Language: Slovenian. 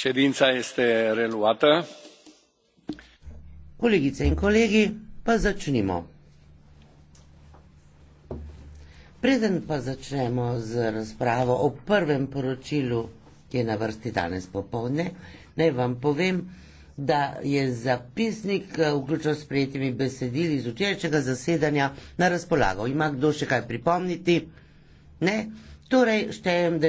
ședința este reluată. Colegițe în colegii, păzăcinimo. Preden pa začnemo z razpravo o prvem poročilu, ki je na vrsti danes popovdne, naj vam povem, da je zapisnik eh, vključno s prijetimi besedili iz včerajšnjega zasedanja na razpolago. Ima kdo še kaj pripomniti? Ne? Torej, štejem, da